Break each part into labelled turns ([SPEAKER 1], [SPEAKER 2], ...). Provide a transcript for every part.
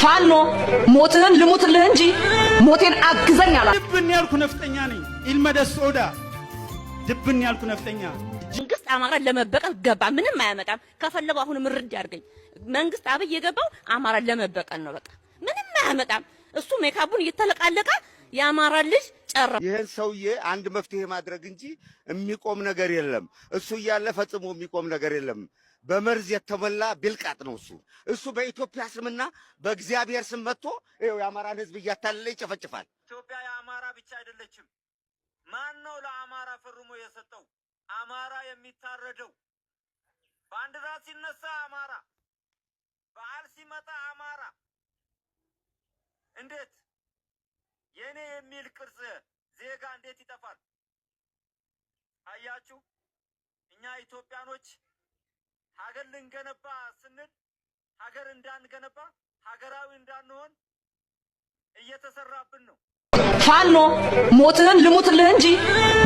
[SPEAKER 1] ፋኖ ሞትህን ልሙትልህ እንጂ ሞቴን አግዘኝ አላ
[SPEAKER 2] ድብን ያልኩ ነፍጠኛ ነኝ። ኢልመደስ ኦዳ ድብን ያልኩ ነፍጠኛ
[SPEAKER 3] መንግስት አማራን ለመበቀል ገባ። ምንም አያመጣም። ከፈለገው አሁንም እርድ ያድርገኝ። መንግስት አብይ የገባው አማራን ለመበቀል ነው። በቃ ምንም አያመጣም። እሱ ሜካቡን እየተለቃለቀ የአማራ ልጅ ጨረ።
[SPEAKER 4] ይህን ሰውዬ አንድ መፍትሄ ማድረግ እንጂ የሚቆም ነገር የለም። እሱ እያለ ፈጽሞ የሚቆም ነገር የለም። በመርዝ የተሞላ ቢልቃጥ ነው እሱ እሱ በኢትዮጵያ ስምና በእግዚአብሔር ስም መጥቶ ይኸው የአማራን ህዝብ እያታለለ ይጨፈጭፋል።
[SPEAKER 5] ኢትዮጵያ የአማራ ብቻ አይደለችም። ማን ነው ለአማራ ፈርሞ የሰጠው? አማራ የሚታረደው ባንዲራ ሲነሳ አማራ፣ በዓል ሲመጣ አማራ። እንዴት የእኔ የሚል ቅርጽ ዜጋ እንዴት ይጠፋል? አያችሁ እኛ ኢትዮጵያኖች ሀገር ልንገነባ ስንል ሀገር እንዳንገነባ ሀገራዊ እንዳንሆን እየተሰራብን ነው።
[SPEAKER 1] ፋኖ ሞትህን ልሙትልህ እንጂ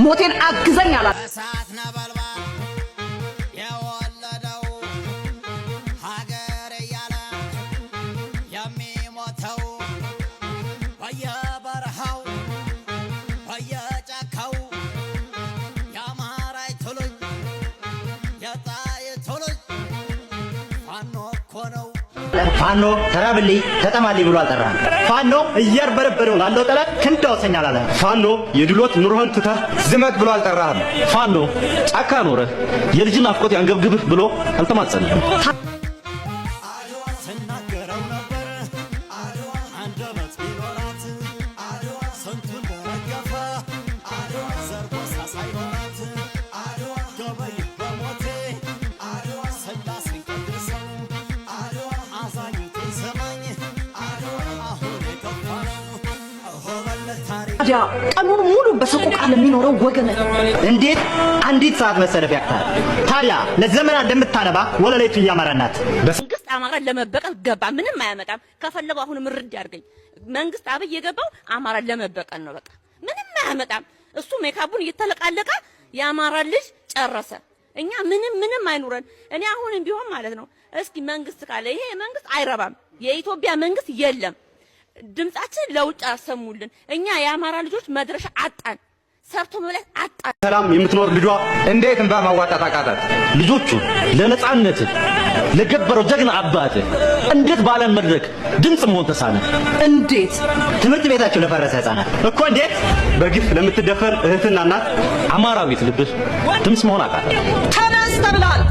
[SPEAKER 1] ሞቴን አግዘኝ አላት።
[SPEAKER 6] ፋኖ ተራብልይ ተጠማልይ ብሎ አልጠራህም። ፋኖ እያርበረበረው ላለው ጠላት ክንድ አውሰኝ አለ።
[SPEAKER 7] ፋኖ የድሎት ኑሮህን ትተህ ዝመት ብሎ አልጠራህም። ፋኖ ጫካ ኖረህ የልጅን አፍቆት ያንገብግብህ ብሎ አልተማጸንህም።
[SPEAKER 1] ያ ቀኑን ሙሉ በሰቆቃ ቃል የሚኖረው ወገን
[SPEAKER 8] እንዴት አንዲት ሰዓት መሰለፍ ያቅታል? ታዲያ ለዘመናት እንደምታነባ ወለሌቱ እያመራናት
[SPEAKER 3] መንግስት አማራን ለመበቀል ገባ። ምንም አያመጣም። ከፈለገው አሁንም ርድ ያድርገኝ። መንግስት አብይ የገባው አማራን ለመበቀል ነው። በቃ ምንም አያመጣም። እሱ ሜካቡን እየተለቃለቀ የአማራን ልጅ ጨረሰ። እኛ ምንም ምንም አይኑረን። እኔ አሁንም ቢሆን ማለት ነው እስኪ መንግስት ካለ ይሄ መንግስት አይረባም። የኢትዮጵያ መንግስት የለም ድምጻችን ለውጭ አሰሙልን። እኛ የአማራ ልጆች መድረሻ አጣን፣ ሰርቶ መብላት አጣን።
[SPEAKER 9] ሰላም የምትኖር ልጇ
[SPEAKER 10] እንዴት እንባ ማዋጣት አቃታት?
[SPEAKER 9] ልጆቹ ለነጻነት ለገበረው ጀግና አባት እንዴት ባለን መድረክ ድምፅ መሆን ተሳነ?
[SPEAKER 1] እንዴት ትምህርት ቤታቸው ለፈረሰ ህፃናት
[SPEAKER 9] እኮ እንዴት በግፍ ለምትደፈር እህትና እናት አማራዊት ልብህ ድምፅ መሆን አቃት?
[SPEAKER 1] ተነስ ተብላል።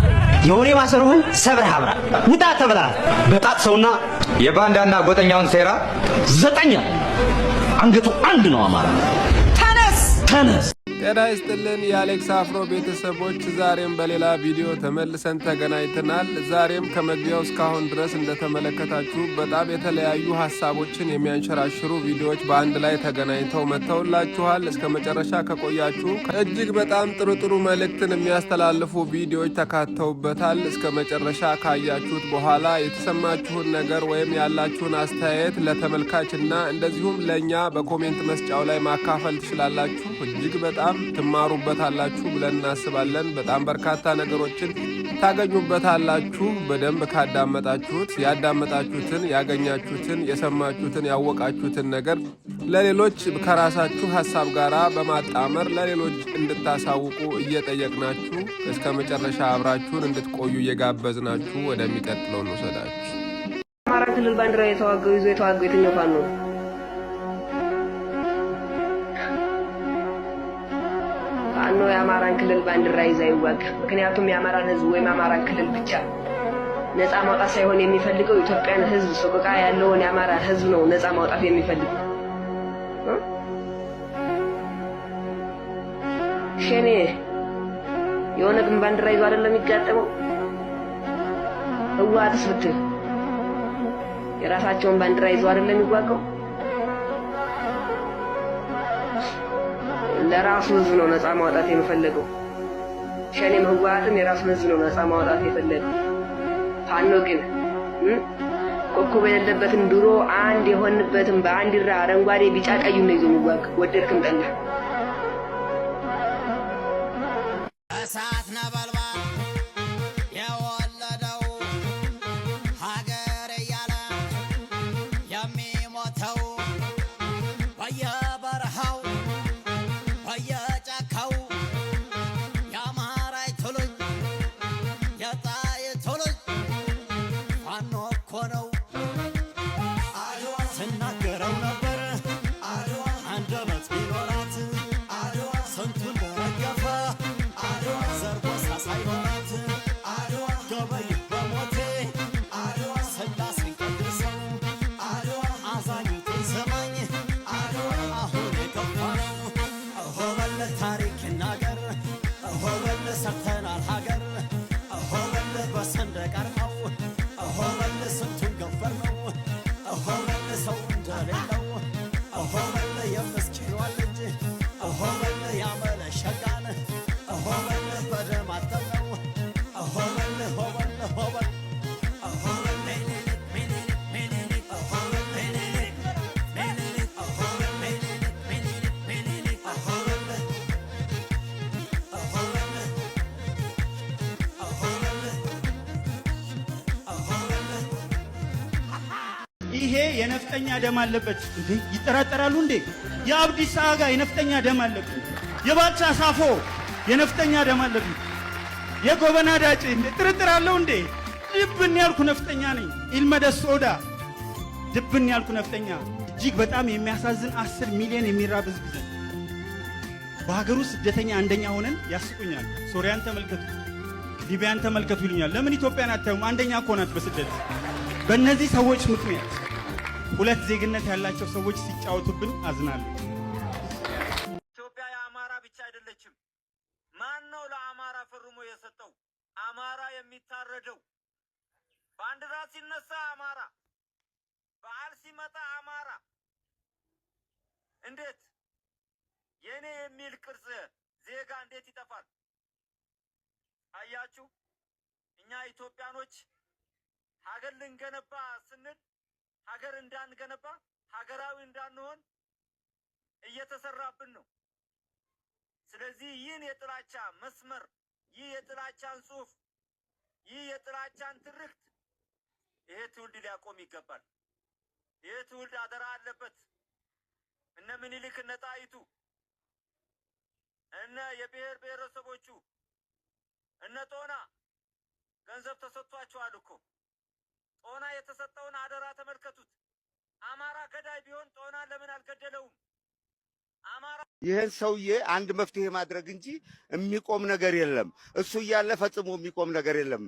[SPEAKER 1] የወሬ ማሰሮህን ሰብረህ አብራ ውጣ ተብላል።
[SPEAKER 9] በጣት ሰውና የባንዳና ጎጠኛውን ሴራ
[SPEAKER 1] ዘጠኛ አንገቱ አንድ ነው። አማራ ተነስ ተነስ
[SPEAKER 11] ጤና ይስጥልን የአሌክስ አፍሮ ቤተሰቦች፣ ዛሬም በሌላ ቪዲዮ ተመልሰን ተገናኝተናል። ዛሬም ከመግቢያው እስካሁን ድረስ እንደተመለከታችሁ በጣም የተለያዩ ሀሳቦችን የሚያንሸራሽሩ ቪዲዮዎች በአንድ ላይ ተገናኝተው መጥተውላችኋል። እስከ መጨረሻ ከቆያችሁ እጅግ በጣም ጥሩ ጥሩ መልእክትን የሚያስተላልፉ ቪዲዮዎች ተካተውበታል። እስከ መጨረሻ ካያችሁት በኋላ የተሰማችሁን ነገር ወይም ያላችሁን አስተያየት ለተመልካችና እንደዚሁም ለእኛ በኮሜንት መስጫው ላይ ማካፈል ትችላላችሁ። እጅግ በጣም በጣም ትማሩበታላችሁ ብለን እናስባለን። በጣም በርካታ ነገሮችን ታገኙበታላችሁ። በደንብ ካዳመጣችሁት ያዳመጣችሁትን፣ ያገኛችሁትን፣ የሰማችሁትን፣ ያወቃችሁትን ነገር ለሌሎች ከራሳችሁ ሀሳብ ጋር በማጣመር ለሌሎች እንድታሳውቁ እየጠየቅናችሁ እስከ መጨረሻ አብራችሁን እንድትቆዩ እየጋበዝናችሁ ወደሚቀጥለው እንውሰዳችሁ።
[SPEAKER 12] አማራ ክልል ባንዲራ የተዋገው ይዞ የተዋገው የትኛው ፋኖ ነው? የአማራን ክልል ባንዲራ ይዛ ይዋጋ። ምክንያቱም የአማራን ህዝብ ወይም የአማራን ክልል ብቻ ነፃ ማውጣት ሳይሆን የሚፈልገው ኢትዮጵያን ህዝብ ሰቆቃ ያለውን የአማራ ህዝብ ነው ነፃ ማውጣት የሚፈልገው። ሸኔ የሆነ ግን ባንዲራ ይዞ አይደለም የሚጋጠመው። ህወሓትስ ብትል የራሳቸውን ባንዲራ ይዞ አይደለም የሚዋጋው። ለራሱ ህዝብ ነው ነፃ ማውጣት የፈለገው። ሸኔም ህወሓትም የራሱን ህዝብ ነው ነፃ ማውጣት የፈለገው። ፋኖ ግን ኮከብ የሌለበትን ድሮ አንድ የሆንበትን በአንድ ራ አረንጓዴ፣ ቢጫ፣ ቀዩ ነው ይዞ የሚዋጋ ወደድክም ጠላ
[SPEAKER 2] sometimes. ይሄ የነፍጠኛ ደም አለበት እንዴ? ይጠራጠራሉ እንዴ? የአብዲሳ አጋ የነፍጠኛ ደም አለበት፣ የባልቻ ሳፎ የነፍጠኛ ደም አለበት፣ የጎበና ዳጭ ጥርጥር አለው እንዴ? ድብን ያልኩ ነፍጠኛ ነኝ። ኢልመደስ ሶዳ ድብን ያልኩ ነፍጠኛ። እጅግ በጣም የሚያሳዝን አስር ሚሊዮን የሚራብ ህዝብ ይዘን በሀገሩ ስደተኛ አንደኛ ሆነን ያስቁኛል። ሶሪያን ተመልከቱ፣ ሊቢያን ተመልከቱ ይሉኛል። ለምን ኢትዮጵያን አታዩም? አንደኛ እኮ ናት በስደት በእነዚህ ሰዎች ምክንያት ሁለት ዜግነት ያላቸው ሰዎች ሲጫወቱብን አዝናለሁ።
[SPEAKER 5] ኢትዮጵያ የአማራ ብቻ አይደለችም። ማን ነው ለአማራ ፈርሞ የሰጠው? አማራ የሚታረደው ባንዲራ ሲነሳ አማራ፣ በዓል ሲመጣ አማራ። እንዴት የእኔ የሚል ቅርጽ ዜጋ እንዴት ይጠፋል? አያችሁ፣ እኛ ኢትዮጵያኖች ሀገር ልንገነባ ስንል ሀገር እንዳንገነባ ሀገራዊ እንዳንሆን እየተሰራብን ነው። ስለዚህ ይህን የጥላቻ መስመር፣ ይህ የጥላቻን ጽሁፍ ይህ የጥላቻን ትርክት ይሄ ትውልድ ሊያቆም ይገባል። ይሄ ትውልድ አደራ አለበት። እነ ምኒልክ እነ ጣይቱ እነ የብሔር ብሔረሰቦቹ እነ ጦና ገንዘብ ተሰጥቷቸዋል እኮ ጦና የተሰጠውን አደራ ተመልከቱት። አማራ ገዳይ ቢሆን ጦና ለምን አልገደለውም?
[SPEAKER 4] አማራ ይህን ሰውዬ አንድ መፍትሄ ማድረግ እንጂ የሚቆም ነገር የለም። እሱ እያለ ፈጽሞ የሚቆም ነገር የለም።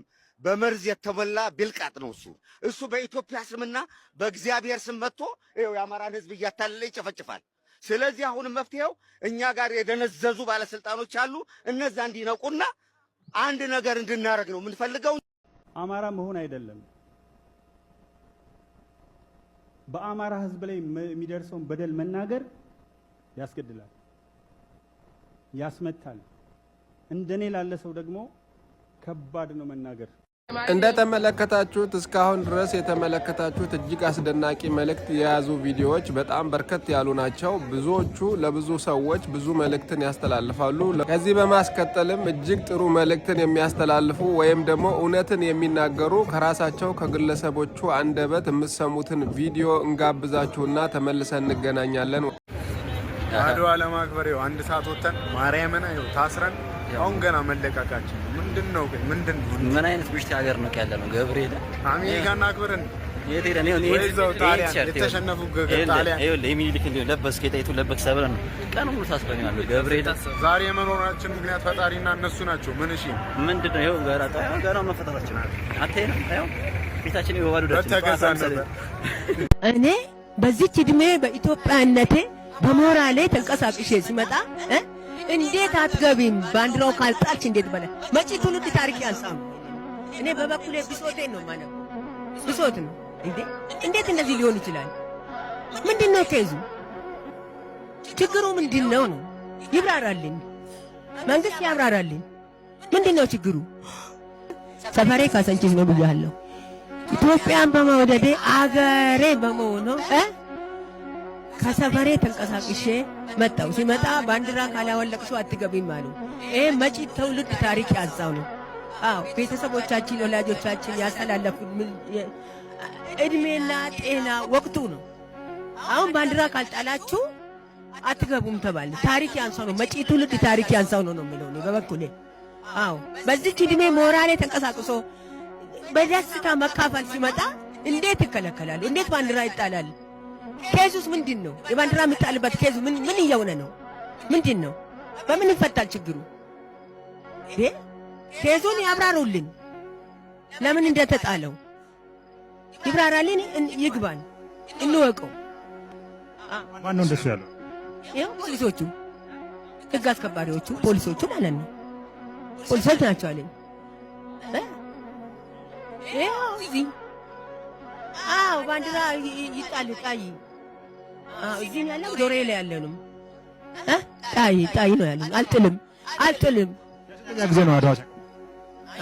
[SPEAKER 4] በመርዝ የተሞላ ብልቃጥ ነው እሱ። እሱ በኢትዮጵያ ስምና በእግዚአብሔር ስም መጥቶ ይኸው የአማራን ሕዝብ እያታለለ ይጨፈጭፋል። ስለዚህ አሁን መፍትሄው እኛ ጋር የደነዘዙ ባለስልጣኖች አሉ። እነዛ እንዲነቁና አንድ ነገር እንድናደርግ ነው የምንፈልገው።
[SPEAKER 13] አማራ መሆን አይደለም በአማራ ህዝብ ላይ የሚደርሰውን በደል መናገር ያስገድላል፣ ያስመታል። እንደኔ ላለ ሰው ደግሞ ከባድ ነው መናገር።
[SPEAKER 14] እንደተመለከታችሁት እስካሁን ድረስ የተመለከታችሁት እጅግ አስደናቂ መልእክት የያዙ ቪዲዮዎች በጣም በርከት ያሉ ናቸው። ብዙዎቹ ለብዙ ሰዎች ብዙ መልእክትን ያስተላልፋሉ። ከዚህ በማስከተልም እጅግ ጥሩ መልእክትን የሚያስተላልፉ ወይም ደግሞ እውነትን የሚናገሩ ከራሳቸው ከግለሰቦቹ አንደበት የምትሰሙትን ቪዲዮ እንጋብዛችሁና ተመልሰን እንገናኛለን።
[SPEAKER 15] አድዋ ለማክበር አንድ ሰዓት ወጥተን ማርያምን ታስረን አሁን ገና መለቃቃችን ምንድን ነው ግን ምንድን ነው?
[SPEAKER 16] ምን አይነት ብሽት ሀገር ነው ያለ ነው? ገብርኤል
[SPEAKER 15] አሜሪካና አክብረን የት ሄደን ይሁን ገብርኤል ዛሬ የመኖራችን ምክንያት ፈጣሪና እነሱ ናቸው። ምን እሺ
[SPEAKER 16] ምንድን ነው
[SPEAKER 1] እኔ በዚች እድሜ በኢትዮጵያነቴ በሞራሌ ተንቀሳቅሼ ሲመጣ እንዴት አትገቢም? ባንዲራው ካልጣች እንዴት በለ መጪ ትውልድ ታሪክ ያንሳም። እኔ በበኩሌ ብሶቴን ነው ማለት ብሶት ነው። እንዴ እንዴት እንደዚህ ሊሆን ይችላል? ምንድን ነው ተይዙ? ችግሩ ምንድን ነው ነው? ይብራራልኝ፣ መንግስት ያብራራልኝ። ምንድን ነው ችግሩ? ሰፈሬ ካሰንቺስ ነው ብያለሁ። ኢትዮጵያን በመወደዴ አገሬ በመሆኑ ከሰፈሬ ተንቀሳቅሼ መጣው ሲመጣ ባንዲራ ካላወለቅሱ አትገቢም አሉ። ይሄ መጪ ትውልድ ታሪክ ያዛው ነው። አዎ ቤተሰቦቻችን፣ ወላጆቻችን ያስተላለፉት እድሜና ጤና ወቅቱ ነው። አሁን ባንዲራ ካልጣላችሁ አትገቡም ተባለ። ታሪክ ያንሳው ነው። መጪ ትውልድ ታሪክ ያንሳው ነው ነው የሚለው በበኩሌ። አዎ በዚች እድሜ ሞራሌ ተንቀሳቅሶ በደስታ መካፈል ሲመጣ እንዴት ይከለከላል? እንዴት ባንዲራ ይጣላል? ኬዙስ ምንድን ነው? የባንዲራ የምጣልበት ኬዙ ምን ምን እየሆነ ነው? ምንድን ነው? በምን ይፈታል ችግሩ? ኬዙን ያብራሩልን። ለምን እንደተጣለው ይብራራልን፣ ይግባን፣ እንወቀው።
[SPEAKER 15] ማን ነው እንደሱ ያለው?
[SPEAKER 1] ይሄ ፖሊሶቹ፣ ህግ አስከባሪዎቹ ፖሊሶቹ ማለት ነው። ፖሊሶች ናቸው አለኝ። ይሄው እዚህ አዎ ባንዲራ ይጣል ጣይ እዚህ ያለው ላይ ጣይ ጣይ ነው አልጥልም አልጥልም። ጊዜ ነው አድዋ።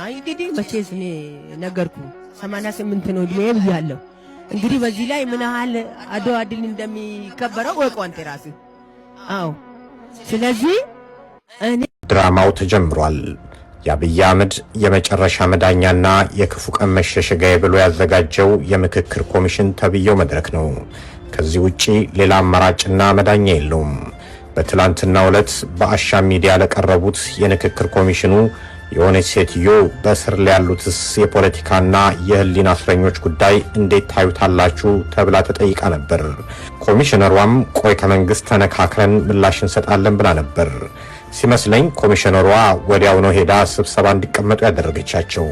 [SPEAKER 1] አይ እንግዲህ መቼስ እኔ ነገርኩ ሰማንያ ስምንት ነው እድሜ ብያለሁ። እንግዲህ በዚህ ላይ ምን ያህል አድዋ ድል እንደሚከበረው ወቅ አንተ ራስህ። አዎ ስለዚህ
[SPEAKER 17] እኔ ድራማው ተጀምሯል። የአብይ አህመድ የመጨረሻ መዳኛና የክፉ ቀን መሸሸጊያ ብሎ ያዘጋጀው የምክክር ኮሚሽን ተብየው መድረክ ነው። ከዚህ ውጪ ሌላ አማራጭና መዳኛ የለውም። በትላንትናው ዕለት በአሻም ሚዲያ ለቀረቡት የንክክር ኮሚሽኑ የሆነች ሴትዮ በእስር ያሉትስ የፖለቲካና የሕሊና እስረኞች ጉዳይ እንዴት ታዩታላችሁ ተብላ ተጠይቃ ነበር። ኮሚሽነሯም ቆይ ከመንግስት ተነካክረን ምላሽ እንሰጣለን ብላ ነበር። ሲመስለኝ ኮሚሽነሯ ወዲያው ነው ሄዳ ስብሰባ እንዲቀመጡ ያደረገቻቸው።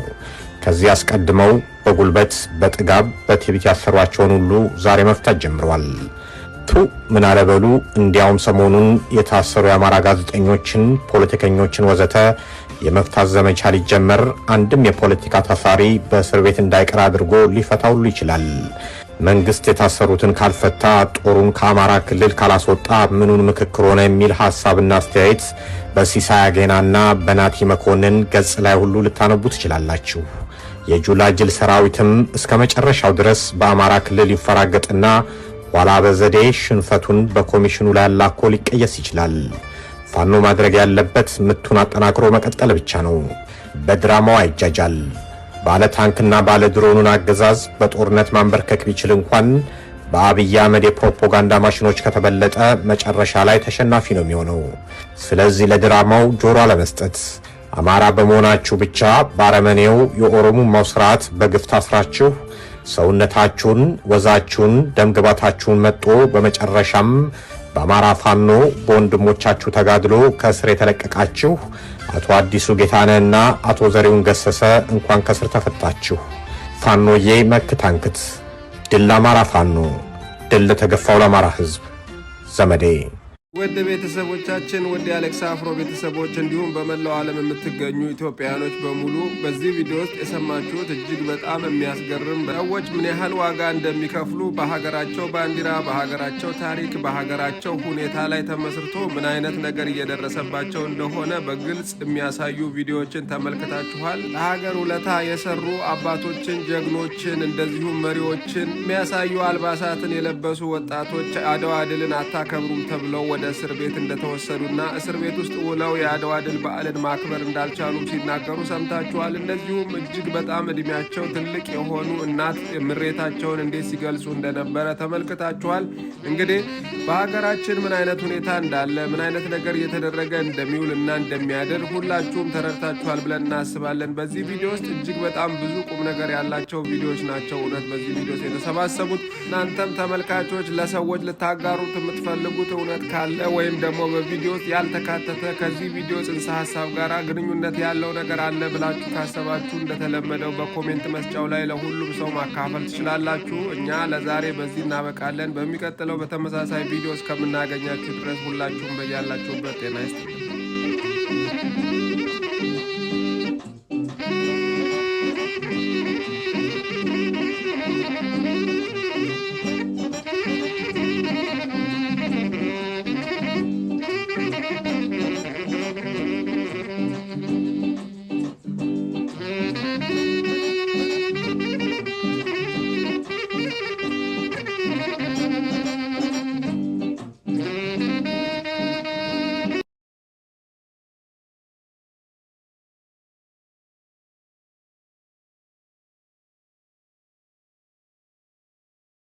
[SPEAKER 17] ከዚህ አስቀድመው በጉልበት በጥጋብ በትቢት ያሰሯቸውን ሁሉ ዛሬ መፍታት ጀምረዋል። ቱ ምን አለበሉ። እንዲያውም ሰሞኑን የታሰሩ የአማራ ጋዜጠኞችን፣ ፖለቲከኞችን ወዘተ የመፍታት ዘመቻ ሊጀመር አንድም የፖለቲካ ታሳሪ በእስር ቤት እንዳይቀር አድርጎ ሊፈታ ሁሉ ይችላል። መንግስት የታሰሩትን ካልፈታ ጦሩን ከአማራ ክልል ካላስወጣ ምኑን ምክክር ሆነ የሚል ሀሳብና አስተያየት በሲሳይ አጌናና በናቲ መኮንን ገጽ ላይ ሁሉ ልታነቡ ትችላላችሁ። የጁላጅል ሰራዊትም እስከ መጨረሻው ድረስ በአማራ ክልል ይፈራገጥና ኋላ በዘዴ ሽንፈቱን በኮሚሽኑ ላይ አላኮ ሊቀየስ ይችላል። ፋኖ ማድረግ ያለበት ምቱን አጠናክሮ መቀጠል ብቻ ነው። በድራማው አይጃጃል። ባለ ታንክና ባለ ድሮኑን አገዛዝ በጦርነት ማንበርከክ ቢችል እንኳን በአብይ አህመድ የፕሮፓጋንዳ ማሽኖች ከተበለጠ መጨረሻ ላይ ተሸናፊ ነው የሚሆነው። ስለዚህ ለድራማው ጆሮ አለመስጠት፣ አማራ በመሆናችሁ ብቻ ባረመኔው የኦሮሙማው ስርዓት በግፍ ታስራችሁ ሰውነታችሁን፣ ወዛችሁን፣ ደምግባታችሁን መጦ በመጨረሻም በአማራ ፋኖ በወንድሞቻችሁ ተጋድሎ ከእስር የተለቀቃችሁ አቶ አዲሱ ጌታነህና አቶ ዘሪውን ገሰሰ እንኳን ከእስር ተፈታችሁ። ፋኖዬ መክታንክት አንክት። ድል ለአማራ ፋኖ፣ ድል ለተገፋው ለአማራ ሕዝብ ዘመዴ
[SPEAKER 18] ወደ ቤተሰቦቻችን ወደ የአሌክስ አፍሮ ቤተሰቦች እንዲሁም በመላው ዓለም የምትገኙ ኢትዮጵያውያኖች በሙሉ በዚህ ቪዲዮ ውስጥ የሰማችሁት እጅግ በጣም የሚያስገርም ሰዎች ምን ያህል ዋጋ እንደሚከፍሉ በሀገራቸው ባንዲራ፣ በሀገራቸው ታሪክ፣ በሀገራቸው ሁኔታ ላይ ተመስርቶ ምን አይነት ነገር እየደረሰባቸው እንደሆነ በግልጽ የሚያሳዩ ቪዲዮዎችን ተመልክታችኋል። ለሀገር ውለታ የሰሩ አባቶችን፣ ጀግኖችን እንደዚሁም መሪዎችን የሚያሳዩ አልባሳትን የለበሱ ወጣቶች አድዋ ድልን አታከብሩም ተብለው ወደ እስር ቤት እንደተወሰዱና እስር ቤት ውስጥ ውለው የአድዋ ድል በዓልን ማክበር እንዳልቻሉም ሲናገሩ ሰምታችኋል። እንደዚሁም እጅግ በጣም እድሜያቸው ትልቅ የሆኑ እናት ምሬታቸውን እንዴት ሲገልጹ እንደነበረ ተመልክታችኋል። እንግዲህ በሀገራችን ምን አይነት ሁኔታ እንዳለ ምን አይነት ነገር እየተደረገ እንደሚውል እና እንደሚያድር ሁላችሁም ተረድታችኋል ብለን እናስባለን። በዚህ ቪዲዮ ውስጥ እጅግ በጣም ብዙ ቁም ነገር ያላቸው ቪዲዮዎች ናቸው እውነት በዚህ ቪዲዮ የተሰባሰቡት። እናንተም ተመልካቾች ለሰዎች ልታጋሩት የምትፈልጉት እውነት ካለ ያለ ወይም ደግሞ በቪዲዮ ውስጥ ያልተካተተ ከዚህ ቪዲዮ ጽንሰ ሀሳብ ጋር ግንኙነት ያለው ነገር አለ ብላችሁ ካሰባችሁ እንደተለመደው በኮሜንት መስጫው ላይ ለሁሉም ሰው ማካፈል ትችላላችሁ። እኛ ለዛሬ በዚህ እናበቃለን። በሚቀጥለው በተመሳሳይ ቪዲዮ እስከምናገኛችሁ ድረስ ሁላችሁም በያላችሁበት ጤና ይስጥ።